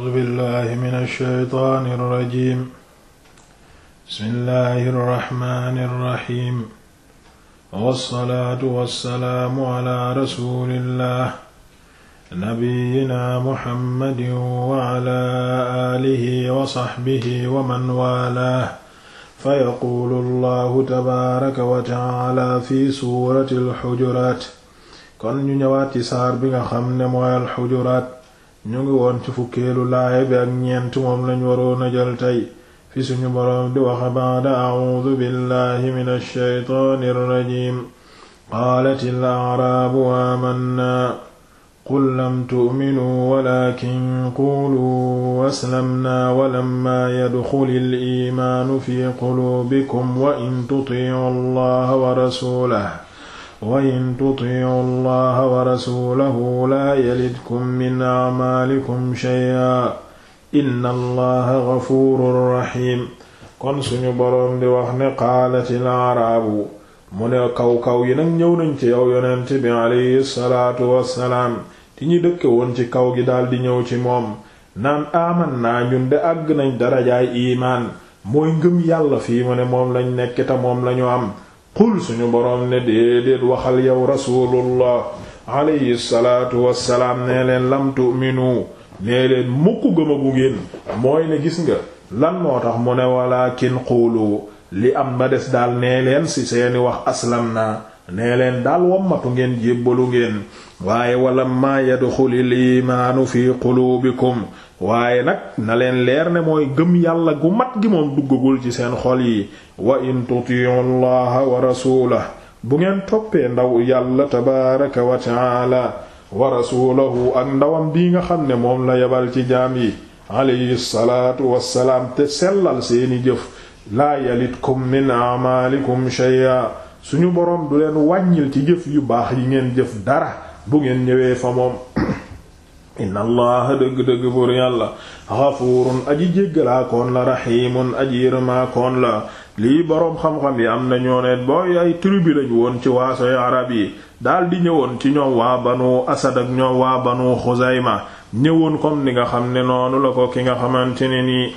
أعوذ بالله من الشيطان الرجيم بسم الله الرحمن الرحيم والصلاة والسلام على رسول الله نبينا محمد وعلى آله وصحبه ومن والاه فيقول الله تبارك وتعالى في سورة الحجرات kon ñu ñëwaat ci saar bi nga xam ne mooy alxujuraat ñu ngi woon ci fukkeelu laaya bi ak ñeent moom lañ waroon a jël tey fi suñu boroom di waxe baada acuudu billahi min alsheytaani irrajim qaalat il acraabu aamannaa qul lam tu'minuu walakin quuluu aslamnaa walammaa yadxuli l iimaanu fi quluubikum wa in tutiicu allaha wa rasuulahu wa in tuti'u allaha wa rasulahu la yalidkum min a'malikum shay'a inna allaha ghafurur rahim kon suñu borom di wax ne qaalatil araabu mu ne kaw-kaw yi nag ñëw nañ ci yow yonent bi alayhi salaatu wassalaam ci ñi dëkke woon ci kaw gi daldi ñëw ci moom naan aaman naa ñun de àgg nañ darajaay iimaan mooy ngëm yàlla fii mu ne moom lañ nekk te moom lañu am qul suñu boroom ne déedéet waxal yow rasulullah alayhi salaatu wassalaam nee leen lam tu'minu nee leen mukk gëmagu ngeen mooy ne gis nga lan moo tax mu ne walla kin quulu li am ba des daal nee leen ci seeni wax aslam naa nee leen daal wammatu ngeen jébbalu ngeen waaye wala maa yadxulil imaanu fi quluubikum waaye nag na leen leer ne mooy gëm yàlla gu mat gi moom duggagul ci seen xol yi wa in tutiyu llaha wa rasulah bu ngeen toppee ndaw yàlla tabaaraka wa taala wa rasulahu ak ndawam bii nga xam ne moom la yebal ci jaam yi alayhi salaatu wassalaam te sellal seeni jëf laa yalitkum min amalikum shay'a suñu boroom du leen wàññil ci jëf yu baax yi ngeen jëf dara bu ngeen ñëwee fa moom inna allaha dëgg-dëgg buur yàlla xafuurun aji jéggalaakoon la raximun aji yërëmaakoon la lii boroom xam-xam yi am na ñoo ne booy ay tribu woon ci waasoy arab yi daal di ñëwoon ci ñoom waa banu asad ak ñoom waa banu xuzayma ñëwoon kom ni nga xam ne noonu la ko ki nga xamante ne nii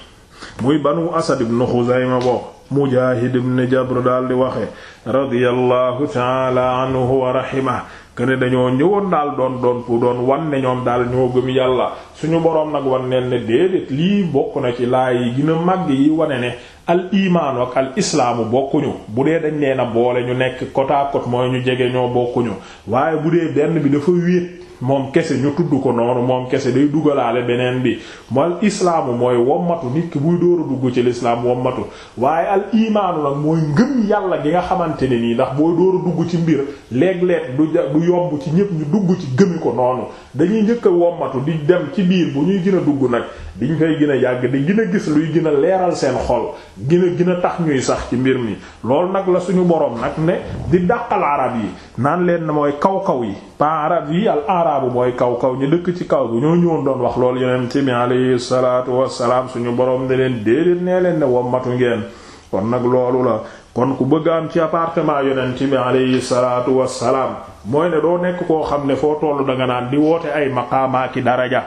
muy banu asad ibnu xuzayma bokk Mujaahid ibn Jabr daal di waxe radiyallahu taala anhu wa rahima kene dañoo ñëwoon daal doon doon pour doon wan ne ñoom daal ñoo gëm yàlla suñu boroom nag wan neen ne déedéet lii bokk na ci laay yi gina màgg yi wane ne al imaanu ak al islaamu bokkuñu bu dee dañ leen na boole ñu nekk côte mooy ñu jege ñoo bokkuñu waaye bu dee benn bi dafa wéet moom kese ñu tudd ko noonu moom kese day dugalaale beneen bi mal islaamu mooy wommatu nit ki buy dóor dugg ci lislaam wommatu waaye al imaanu nag mooy ngëm yàlla gi nga xamante ne nii ndax booy dóor dugg ci mbir léeg-léeg du du yomb ci ñépp ñu dugg ci gëmi ko noonu dañuy njëkk a wommatu di dem ci biir bu ñuy gën a dugg nag diñ koy gën a yàgg di gën a gis luy gën a leeral seen xol gën a tax ñuy sax ci mbir mi loolu nag la suñu boroom nag ne di dàqal arab yi naan leen mooy kaw-kaw yi pa arab yi al arabu mooy kaw-kaw ñu dëkk ci kaw bi ñoo ñëwoon doon wax loolu yonent bi alayhi salaatu wassalaam suñu boroom ne leen déedéet nee leen ne wommatu ngeen kon nag loolu la kon ku bëgg am ci appartement yonent bi alayhi salaatu wassalaam mooy ne doo nekk koo xam ne foo tollu danga naan di woote ay maqaamaaki daraja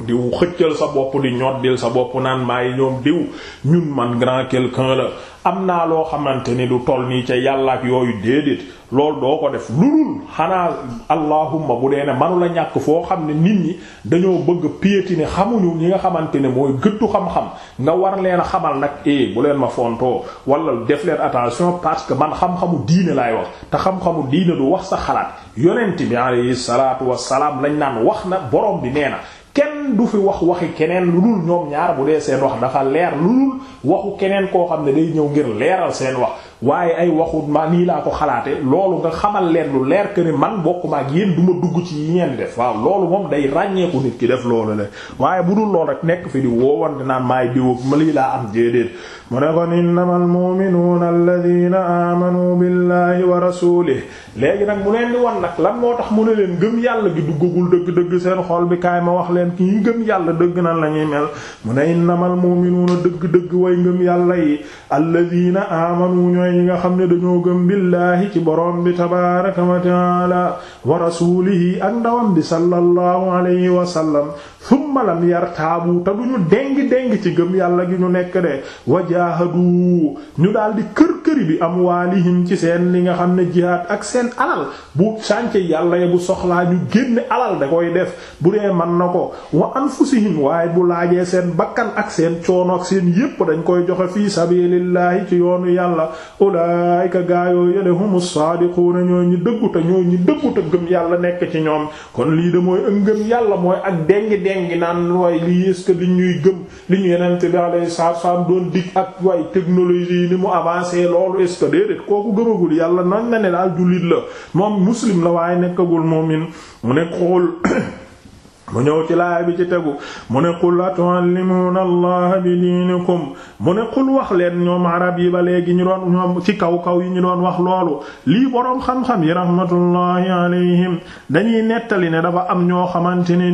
di xëccal sa bopp di ñoddil sa bopp naan maay ñoom diw ñun man grand quelqu'un la am naa loo xamante ni du toll nii ca yàlla yooyu déedéet loolu doo ko def lulul xanaa allahumma bu dee ne manu la ñàkk foo xam ne nit ñi dañoo bëgg piétiner xamuñu ñi nga xamante ne mooy gëttu xam-xam nga war leen a xamal nag eh bu leen ma fontoo wala def leen attention parce que man xam-xamu diine laay wax te xam-xamu diine du wax sa xalaat yonent bi alayhi salaatu lañ naan wax na borom bi nee na du fi wax waxi keneen lu dul ñoom ñaar bu dee seen wax dafa leer lu dul waxu keneen koo xam ne day ñëw ngir leeral seen wax waaye ay waxut ma nii laa ko xalaate loolu nga xamal leen lu leer que man bokkuma ak yéen du ma dugg ci yi ngeen def waaw loolu moom day ràññeeku nit ki def loolu la waaye bu dul loolu rek nekk fi di woowante naan maay diwóog ma lii laa am déedéet mu ne kon innamal mu'minuuna alladhiina aamanu billahi wa rasuulihi léegi nag mu leen di wan nag lan moo tax mu ne gëm yàlla gi duggagul dëgg-dëgg seen xol bi kaay ma wax leen ki gëm yàlla dëgg nan la ñuy mel mu ne innamal dëgg-dëgg way ngëm yàlla yi alladhiina aamanu mooy ñi nga xam ne dañoo gëm billaahi ci boroom bi tabaaraka wa taala wa rasuulihi ak ndawam bi sallallahu alayhi wa sallam summa lam yartaabu te du ñu déng déng ci gëm yàlla gi ñu nekk de wajaahadu ñu daal di kër këri bi amwaalihim ci seen li nga xam ne jihaad ak seen alal bu sànce yàlla ya bu soxlaa ñu génne alal da koy def bu dee man na ko wa anfusihim waaye bu laajee seen bakkan ak seen coono ak seen yépp dañ koy joxe fii sabilillahi ci yoonu yàlla ulaayika gaayoo yele humus saadiquuna ñoo ñi dëggu ñoo ñi dëggu te yàlla nekk ci ñoom kon lii de mooy ngi naan waaye lii est-ce que li ñuy gëm li ñu yenente bi alayhi salaatu salaam doon dig ak waaye technologie yi ni mu avancé loolu est déedéet kooku gëmagul yàlla nañ na ne daal jullit la moom muslim la waaye nekkagul mu'min mu nekk xool mu ñëw ci laay bi ci tegu mu ne qul atuallimuuna allah bi diinikum mu ne qul wax leen ñoom arab yi ba léegi ñu doon ñoom ci kaw-kaw yi ñu doon wax loolu lii boroom xam-xam yi rahmatullahi alayhim dañuy nettali ne dafa am ñoo xamante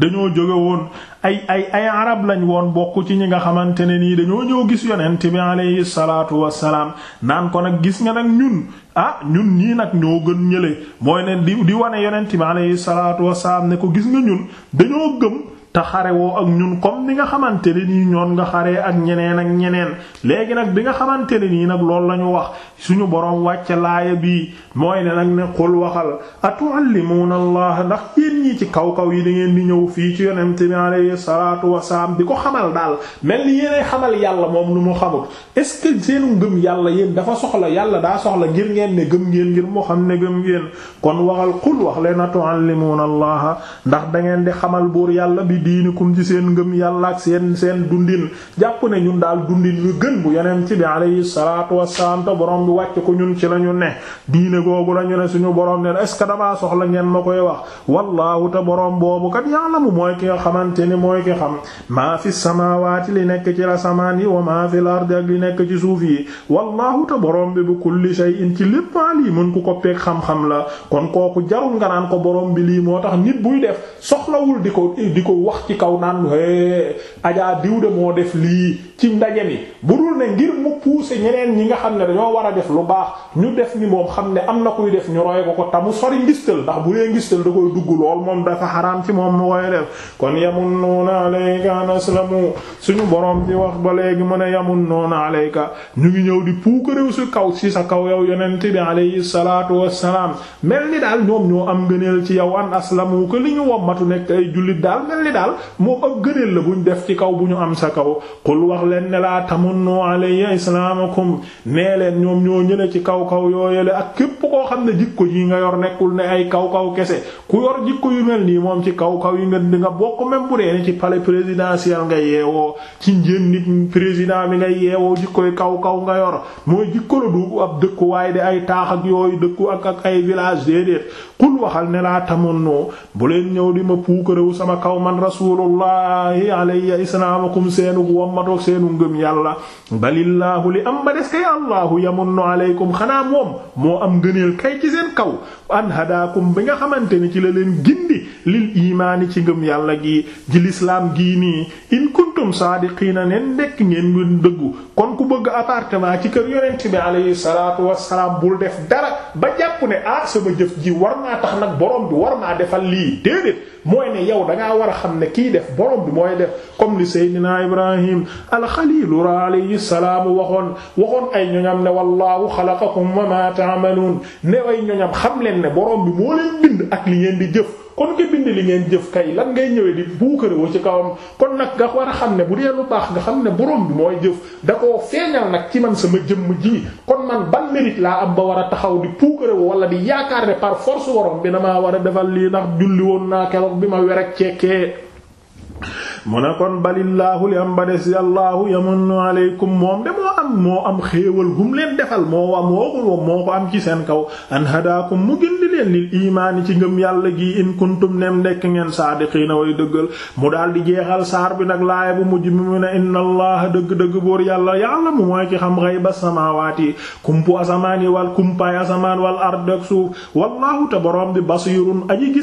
dañoo jóge woon ay ay ay arab lañ woon bokk ci ñi nga xamante ne nii dañoo ñëw gis yonent bi alayhi salaatu wassalaam naan ko nag gis nga nag ñun ah ñun ñii nag ñoo gën ñële mooy ne di di wane yonent bi alayhi salaatu wassalaam ne ko gis nga ñun dañoo gëm te xare woo ak ñun comme ni nga xamante ne nii ñoon nga xaree ak ñeneen ak ñeneen léegi nag bi nga xamante ne nii nag loolu la ñu wax suñu boroom wàcce laaya bii mooy ne nag ne xul waxal atuallimuuna allah ndax yéen ñii ci kaw-kaw yi da ngeen di ñëw fii ci yonente bi alayhi salaatu wasalaam di ko xamal daal mel yàlla moom lu mu xamul est ce que seenu ngëm yàlla yéen dafa soxla yàlla daa soxla ngir ngeen gëm ngeen ngir moo xam ne gëm ngeen kon waxal xul allah ndax da di xamal buur yàlla bi diinikum ci seen ngëm yàlla ak seen seen dundin jàpp ne ñun daal dundin yu gën bu yeneen ci bi alayhi salaatu wassalaam te borom bi wàcc ko ñun ci la ñu ne diine googu la ñu ne suñu borom ne est-ce que damaa soxla ngeen ma koy wax wallaahu te borom boobu kat ya'lamu mooy ki xamante ni mooy ki xam maa fi samaawaati li nekk ci la samaan yi wa maa fi al ak li nekk ci suuf yi wallaahu te borom bi bu kulli shay'in ci lépp yi mën ku ko peeg xam-xam la kon kooku jarul nga naan ko borom bi lii moo tax nit buy def wax ci kaw naan hee ajaa diw moo def lii ci ndaje mi bu dul ne ngir mu pousser ñeneen ñi nga xam ne dañoo war a def lu baax ñu def ni moom xam ne am na kuy def ñu roy ko ko tamu sori ngistal ndax bu dee ngistal da koy dugg lool moom dafa xaraam ci moom mu koy def kon yamunnuuna alayka an aslamu suñu boroom di wax ba léegi mu ne yamunnuuna alayka ñu ngi ñëw di puukaréew si kaw si sa kaw yow yonent bi alayhi salaatu wassalaam mel ni daal ñoom ñoo am ci yow an aslamu ko li ñu nekk ay daal moom ab gëneel la buñ def ci kaw bu ñu am sa kaw qul wax leen ne laa tamunnu alayya leen ñoom ñoo ñële ci kaw kaw yooyale ak képp koo xam ne jikko yi nga yor nekkul ne ay kaw kaw kese ku yor yu mel nii moom ci kaw kaw yi nga di nga bokk même bu dee ci palais présidentiel nga yeewoo ci njën nit président bi nga yeewoo jikkoy kaw kaw nga yor mooy jikko la du ab dëkkuwaay de ay taax ak yooyu dëkku ak ak ay village déedéet leen ñëw di ma puukarewu sama kaw man rasulullahi alayya islaamakum seenu wommatoog seenu ngëm yàlla balillaahu li am ba des kay allahu yamunnu aleykum xanaa moom moo am ngëneel kay ci seen kaw an hadaakum bi nga xamante ni ci la leen gindi lil imaani ci ngëm yàlla gi ji lislaam gii nii in kuntum saadiqiina neen nekk ngeen ngeen dëggu kon ku bëgg apartement ci kër yonent bi alayhi salaatu wassalaam bul def dara ba jàpp ne ah sama jëf ji war naa tax nag borom bi war naa defal lii déedéet mooy ne yow da war a xam ne kii def borom bi mooy def comme li Seydina Ibrahim alxaliilu alayhi salaam waxoon waxoon ay ñoñam ne wallaahu xalaqakum wa maa ta'maluun ne ay ñoñam xam leen ne borom bi moo leen bind ak li ngeen di jëf. kon nga bind li ngeen jëf kay lan ngay ñëwee di buukarewoo ci kawam kon nag nga war a xam ne bu dee lu baax nga xam ne borom bi mooy jëf da koo feeñal nag ci man sama jëmm ji kon man ban mérite laa am ba war a taxaw di puukarewoo wala di yaakaar ne par force borom bi damaa war a defal lii ndax julli woon naa keroog bi ma werek ceekee mu ne kon balillaahu li am ba des yàllaahu yamannu aleykum moom de moo am moo am xéewal gum leen defal moo am wooxul moo ko am ci seen kaw an hadaakum mu gindi leen lil imaani ci ngëm yàlla gi in kuntum nem nekk ngeen saadiqiina way dëggal mu daal di jeexal saar bi nag laaya bu mujj mi mu ne inna allaha dëgg-dëgg buur yàlla yàlla mu mooy ki xam ghayba samaawaati kumpu asamaan yi wal kumpaay asamaan wal ard ak suuf wallaahu te boroom bi basiirun aji di